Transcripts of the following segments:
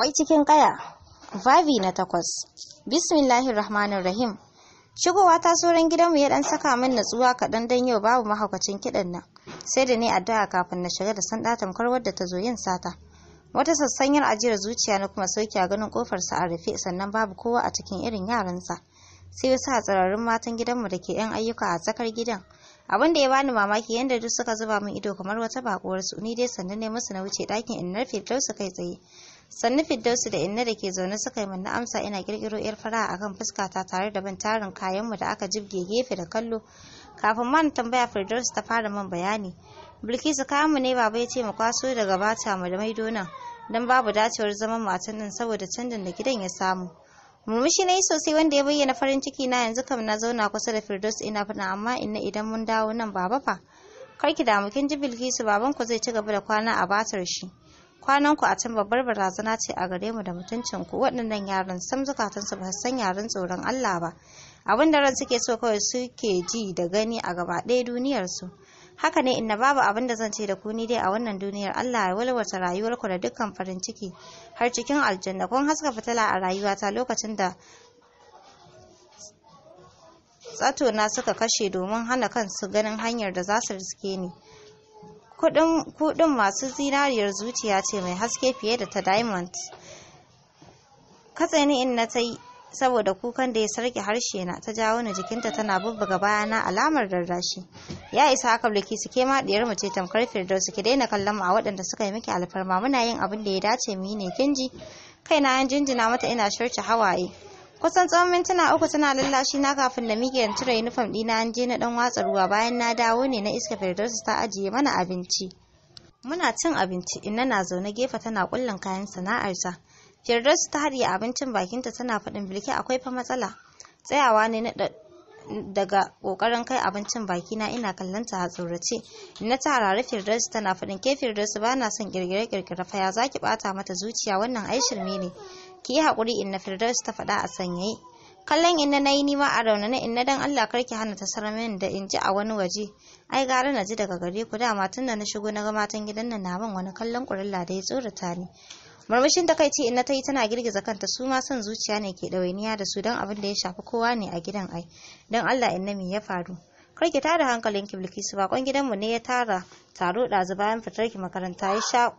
wai cikin kaya babi na takwas bismillahir rahmanin rahim shigowa ta soran gidanmu ya dan saka min natsuwa kaɗan dan yau babu mahaukacin kiɗan nan sai da ne addu'a kafin na shiga da sanda tamkar wadda ta zo yin sata wata sassanyar ajiyar zuciya na kuma sauki a ganin kofarsa a rufe sannan babu kowa a cikin irin yaransa sai wasu hatsararrun matan gidanmu da ke 'yan ayyuka a tsakar gidan abin da ya bani mamaki yadda duk suka zuba min ido kamar wata bakuwar su ni dai sannan ne musu na wuce dakin in na dausa kai tsaye sannu fiddausu da inna da ke zaune suka yi min na amsa ina kirkiro yar fara akan fuskata tare da ban tarin kayanmu da aka jibge gefe da kallo kafin man tambaya firdausu ta fara man bayani bilkisu kayanmu ne baba ya ce mu kwaso daga bata mu da maido nan don babu dacewar zaman matan nan saboda canjin da gidan ya samu murmushi na yi sosai wanda ya bayyana farin ciki na yanzu kam na zauna kusa da firdaus ina fina amma inna idan mun dawo nan baba fa kar ki damu kin ji bilkisu babanku zai ci gaba da kwana a batar shi kwananku a can babbar barazana ce a gare mu da mutuncin ku waɗannan yaran sam zukatansu ba san yaran tsoron Allah ba abin da ran suke so kawai suke ji da gani a gaba ɗaya duniyarsu haka ne inna babu abin da zan ce da ku ni dai a wannan duniyar Allah ya walwata rayuwarku da dukkan farin ciki har cikin aljanna kun haska fitila a rayuwata lokacin da tsato na suka kashe domin hana kansu ganin hanyar da za su riske ni kudin masu zinariyar zuciya ce mai haske fiye da ta diamond katsani in na ta yi saboda kukan da ya sarki harshe na ta jawo ni jikinta tana bubbuga bayana alamar rarrashi ya isa aka bulki su ke maɗiyar mu ce tamkar su ki daina kallon mu a waɗanda suka yi miki alfarma muna yin abin da ya dace mu yi ne kinji kaina yan jinjina mata ina shirce hawaye kusan tsawon mintuna uku tana lallashi na kafin na miki in cire uniform ɗina an je na ɗan watsa ruwa bayan na dawo ne na iska firdausa ta ajiye mana abinci muna cin abinci inna na zaune gefe tana kullun kayan sana'arta firdausu ta haɗiye abincin bakinta tana faɗin bilki akwai fa matsala tsayawa ne na daga kokarin kai abincin bakina ina kallon ta a tsorace ta harare firdausu tana faɗin ke firdausu ba na son girgire girgire fa ya zaki bata mata zuciya wannan ai ne ki yi haƙuri inna firdaus ta faɗa a sanyaye kallon inna na yi nima a raunana inna dan allah karki hana ta saramin da in ji a wani waje ai gara na ji daga gare ku dama tun da na shigo na ga matan gidan nan na man wani kallon kurilla da ya tsorata ni murmushin da kai ce inna ta yi tana girgiza kanta su ma son zuciya ne ke ɗawainiya da su don abin da ya shafi kowa ne a gidan ai don allah inna me ya faru kar ki tada hankalinki su bakon gidanmu ne ya tara taro ɗazu bayan fitar ki makaranta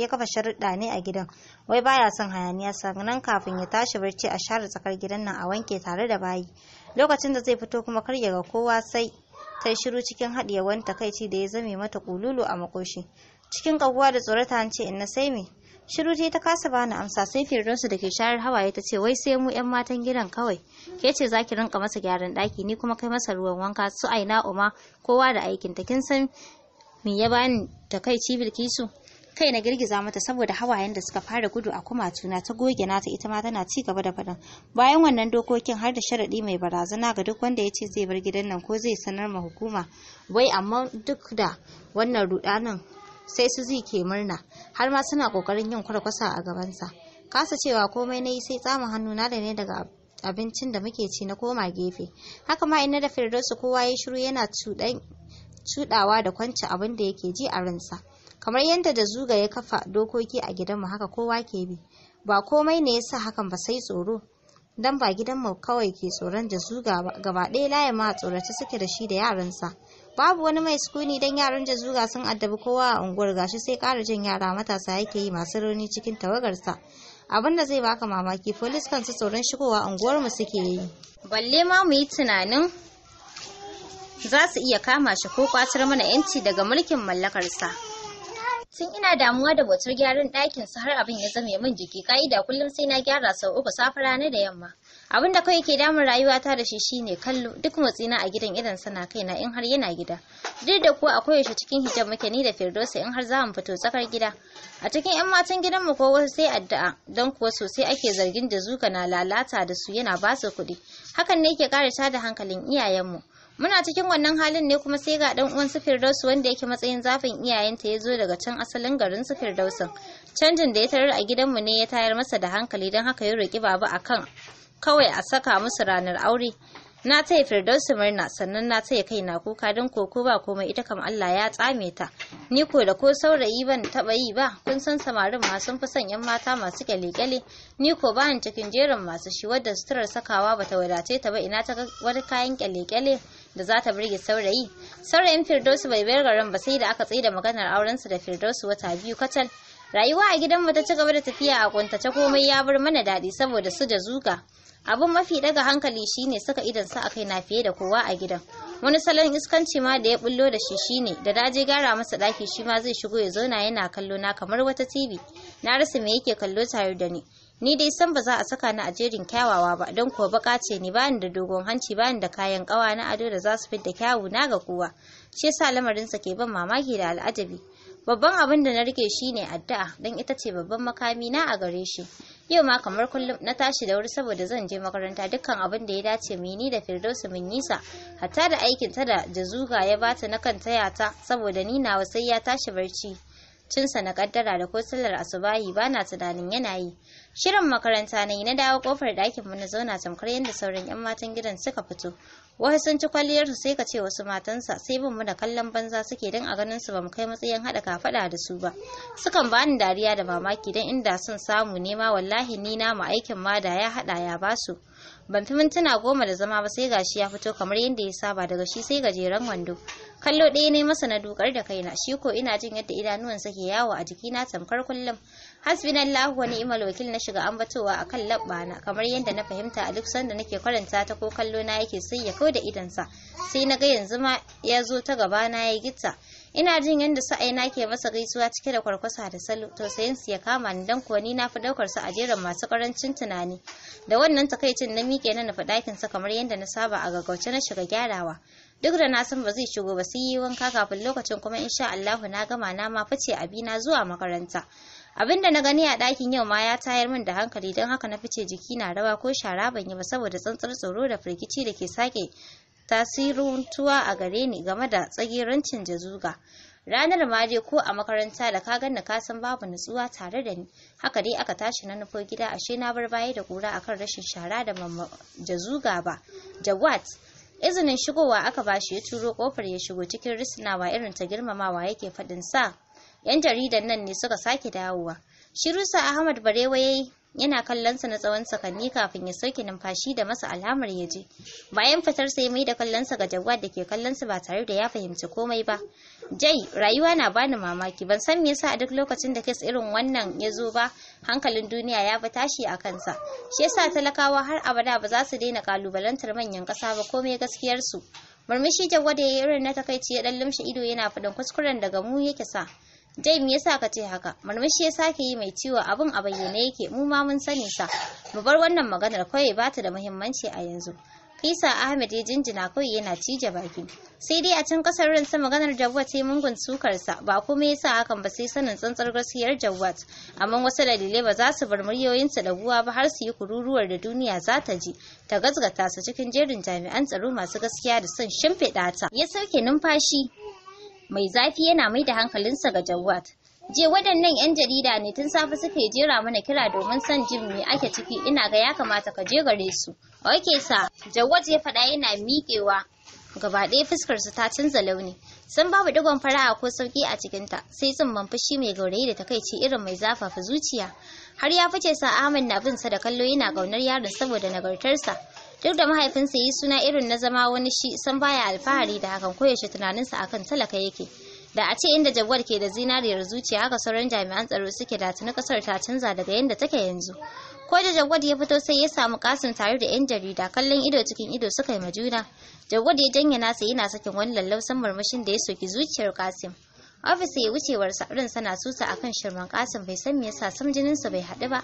ya kafa sharuɗa ne a gidan wai baya son hayaniya sannan kafin ya tashi barci a share tsakar gidan nan a wanke tare da bayi lokacin da zai fito kuma kar ya ga kowa sai ta shiru cikin haɗiye wani takaici da ya zame mata kululu a makoshi cikin kaguwa da tsorata ce in na sai me shiru ta kasa bani amsa sai firdausu da ke sharar hawaye ta ce wai sai mu yan matan gidan kawai ke ce za ki rinka masa gyaran ɗaki ni kuma kai masa ruwan wanka su aina uma kowa da aikin ta kin san me ya bani ta kai ci bilkisu kai na girgiza mata saboda hawayen da suka fara gudu a kumatuna ta goge nata ita ma tana ci gaba da faɗin bayan wannan dokokin har da sharaɗi mai barazana ga duk wanda ya ce zai bar gidan nan ko zai sanar ma hukuma wai amma duk da wannan rudanin sai su zi ke murna har ma suna kokarin yin kwarkwasa a gabansa kasa cewa komai na yi sai tsamun hannu na da ne daga abincin da muke ci na koma gefe haka ma ina da firdausu kowa ya shiru yana cudawa da kwanci abin da yake ji a ransa kamar yadda da zuga ya kafa dokoki a gidanmu haka kowa ke bi ba komai ne yasa hakan ba sai tsoro dan ba gidanmu kawai ke tsoron da zuga gaba ɗaya layin ma tsorata suke da shi da yaransa babu wani mai sukuni don yaran jazuga sun addabi kowa a unguwar gashi sai kara jin yara matasa yake yi masu rauni cikin tawagarsa abin da zai baka mamaki polis su tsoron shigowa unguwar mu suke yi balle ma mu yi tunanin za su iya kama shi ko kwatar mana yanci daga mulkin mallakarsa tun ina damuwa da botar gyaran ɗakin su har abin ya zame min jiki ka'ida kullum sai na gyara sau uku safe rana da yamma Abin da kawai ke damun rayuwata da shi shine kallo duk motsina a gidan idan sana kaina in har yana gida duk da kuwa akwai shi cikin hijab muke ni da firdausa in har za mu fito tsakar gida a cikin yan matan gidan mu ko wasu sai addu'a don kuwa sosai ake zargin da zuka na lalata da su yana ba su kuɗi hakan ne yake ƙara tada hankalin iyayenmu muna cikin wannan halin ne kuma sai ga dan uwan su wanda yake matsayin zafin iyayenta ya zo daga can asalin garin su dausun canjin da ya tarar a gidanmu ne ya tayar masa da hankali don haka ya roƙi baba akan kawai a saka musu ranar aure na taya firdausu murna sannan na taya na kuka don koko ba komai ita kam Allah ya tsame ta ni ko da ko saurayi ban taba yi ba kun san samarin ma sun fi son yan mata masu kyale-kyale ni ko ba cikin jerin masu shi wadda suturar sakawa ba ta wadace ta ba ina ta wani kayan kyalekyale da za ta burge saurayi saurayin firdausu bai bayar garin ba sai da aka tsaye da maganar aurensu da firdausu wata biyu kacal rayuwa a gidanmu ta ci gaba da tafiya a kuntace komai ya bar mana daɗi saboda su da zuga abin mafi daga hankali shine saka sa a kaina fiye da kowa a gidan wani salon iskanci ma da ya bullo da shi shine da je gara masa daki shi ma zai shigo ya zauna yana kallo na kamar wata tv na rasa me yake kallo tare da ni ni dai san ba za a saka ni a jerin kyawawa ba don kuwa baka ce ni bani da dogon hanci bani da kayan kawa na ado da za su fidda kyawu na ga kowa shi yasa lamarinsa ke ban mamaki da al'ajabi babban abin da na rike shine addu'a don ita ce babban makami na a gare shi yau ma kamar kullum na tashi da wuri saboda zan je makaranta dukkan abin da ya dace mu ni da firdausu mun nisa hatta da aikin ta da jazuga ya bata na kan taya ta saboda ni nawa sai ya tashi barci sa na kaddara da ko asubahi ba na tunanin yana yi shirin makaranta na yi na dawo kofar ɗakin mu na zauna tamkar yadda sauran yan matan gidan suka fito wasu sun ci kwalliyar su sai ka ce wasu matansa sai bin mu da kallon banza suke don a ganin su bamu kai matsayin haɗa kafaɗa da su ba sukan ba ni dariya da mamaki don inda sun samu nema wallahi ni na mu aikin ma da ya haɗa ya basu ban fi mintuna goma da zama ba sai gashi ya fito kamar yadda ya saba daga shi sai gajeren wando kallo ɗaya ne masa na dukar da kaina shi ko ina jin yadda idanuwansa ke yawo a jikina tamkar kullum hasbinallahu wa ni'mal wakil na shiga ambatowa akan labbana kamar yadda na fahimta a duk sanda nake karanta ta ko kallo na yake sai ya da idansa sai na ga yanzu ma ya zo ta gaba na ya gita. ina jin yadda su ke masa gaisuwa cike da kwarkwasa da salo tausayin su ya kama ni dan kuwa ni na fi daukar su a jerin masu karancin tunani da wannan takaicin na mike na nufi ɗakin sa kamar yadda na saba a gaggauce na shiga gyarawa duk da na san ba zai shigo ba sai yi wanka kafin lokacin kuma in sha Allahu na gama na ma fice abina zuwa makaranta abin da na gani a ɗakin yau ma ya tayar min da hankali don haka na fice jiki na rawa ko shara ban yi ba saboda tsantsar tsoro da firgici da ke sake tasirantuwa a gare ni game da tsagerancin jazuga ranar ma dai ko a makaranta da ka ganni ka san babu nutsuwa tare da ni haka dai aka tashi na nufo gida ashe na bar baya da kura akan rashin shara da mamma jazuga ba jawat izinin shigowa aka bashi ya turo kofar ya shigo cikin risnawa irin ta girmamawa yake faɗin sa yan jaridan nan ne suka sake dawowa shirusa ahmad barewa yayi yana kallon sa na tsawon sakanni kafin ya soke numfashi da masa alamar ya je bayan fitar sai mai da kallon sa ga jawad da ke kallon ba tare da ya fahimci komai ba jai rayuwa na bani mamaki ban san me yasa a duk lokacin da kes irin wannan ya zo ba hankalin duniya ya fi tashi a kansa shi yasa talakawa har abada ba za su daina kalubalantar manyan ƙasa ba komai gaskiyarsu. su murmushi jawad ya yi irin na takaici ya dan lumshe ido yana faɗin kuskuren daga mu yake sa Jai me yasa ka ce haka? Murmushi ya sake yi mai ciwo abin a bayyane yake mu ma mun sani sa. Mu bar wannan maganar kawai ba ta da muhimmanci a yanzu. Kisa Ahmed ya jinjina kawai yana cije baki. Sai dai a can kasar ransa maganar Jawad ta mungun sukarsa ba kuma ya sa hakan ba sai sanin tsantsar gaskiyar jawwat. Amma wasu dalilai ba za su bar muryoyinsa da buwa ba har su yi kururuwar da duniya za ta ji. Ta gazgata su cikin jerin jami'an tsaro masu gaskiya da son shimfiɗa ta. Ya sauke numfashi mai zafi yana mai da hankalinsa ga Jawad. Je waɗannan 'yan jarida ne tun safe suke jera mana kira domin son jin me ake ciki ina ga ya kamata ka je gare su. Oke sa, Jawad ya faɗa yana miƙewa gaba ɗaya su ta canza launi. San babu digon fara'a ko sauƙi a cikinta, sai sun fushi mai gaurayi da takaici irin mai zafafa zuciya. Har ya fice sa Ahmad na bin sa da kallo yana ƙaunar yaron saboda nagartarsa. duk da mahaifinsa yi suna irin na zama wani shi san baya alfahari da hakan koyaushe tunaninsa akan talaka yake da a ce inda jawar ke da zinariyar zuciya haka sauran jami'an tsaro suke da tuni kasar ta canza daga yadda take yanzu ko da jagwad ya fito sai ya samu kasin tare da yan jarida kallon ido cikin ido suka yi ma juna jagwad ya janye nasa yana sakin wani lallausan murmushin da ya soki zuciyar kasim ofis ya wucewar sabrin sana susa kan shirman kasim bai san me yasa sam jinin bai haɗu ba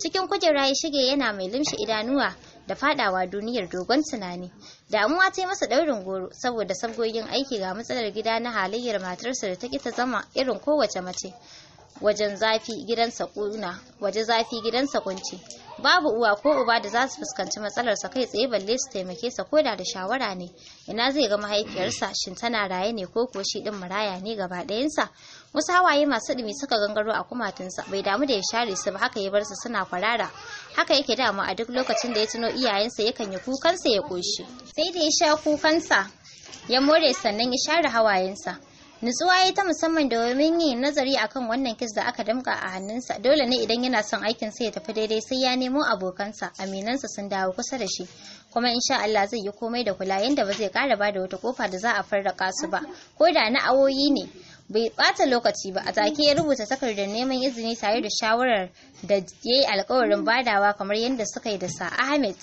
cikin kujera ya shige yana mai limshi idanuwa da fadawa duniyar dogon tunani damuwa ta yi masa daurin goro saboda sabgogin aiki ga matsalar gida na halayyar matarsa da ta ki ta zama irin kowace mace wajen zafi gidansa kuna waje zafi gidansa kunci babu uwa ko uba da za su fuskanci sa kai tsaye balle su taimake sa koda da shawara ne ina zai ga mahaifiyarsa shin tana raye ne ko koshi shi din maraya ne gaba ɗayansa wasu hawaye masu dumi suka gangaro a kumatinsa bai damu da ya share su ba haka ya bar su suna kwarara haka yake damu, a duk lokacin da ya tuno iyayensa yakan yi kukansa ya koshi sai da ya sha kukansa ya more sannan ya share hawayensa nutsuwa ya ta musamman domin yin nazari akan wannan kis da aka damka a hannunsa dole ne idan yana son aikin sai ya tafi daidai sai ya nemo abokansa aminansa sun dawo kusa da shi kuma insha Allah zai yi komai da kula yanda ba zai kara ba da wata kofa da za a farraka su ba ko da na awoyi ne bai ɓata lokaci ba a take ya rubuta takardar neman izini tare da shawarar da ya yi alkawarin badawa kamar yadda suka yi da sa ahmed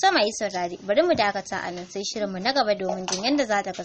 ta mai saurari bari mu dakata a nan sai shirinmu na gaba domin jin yadda za ta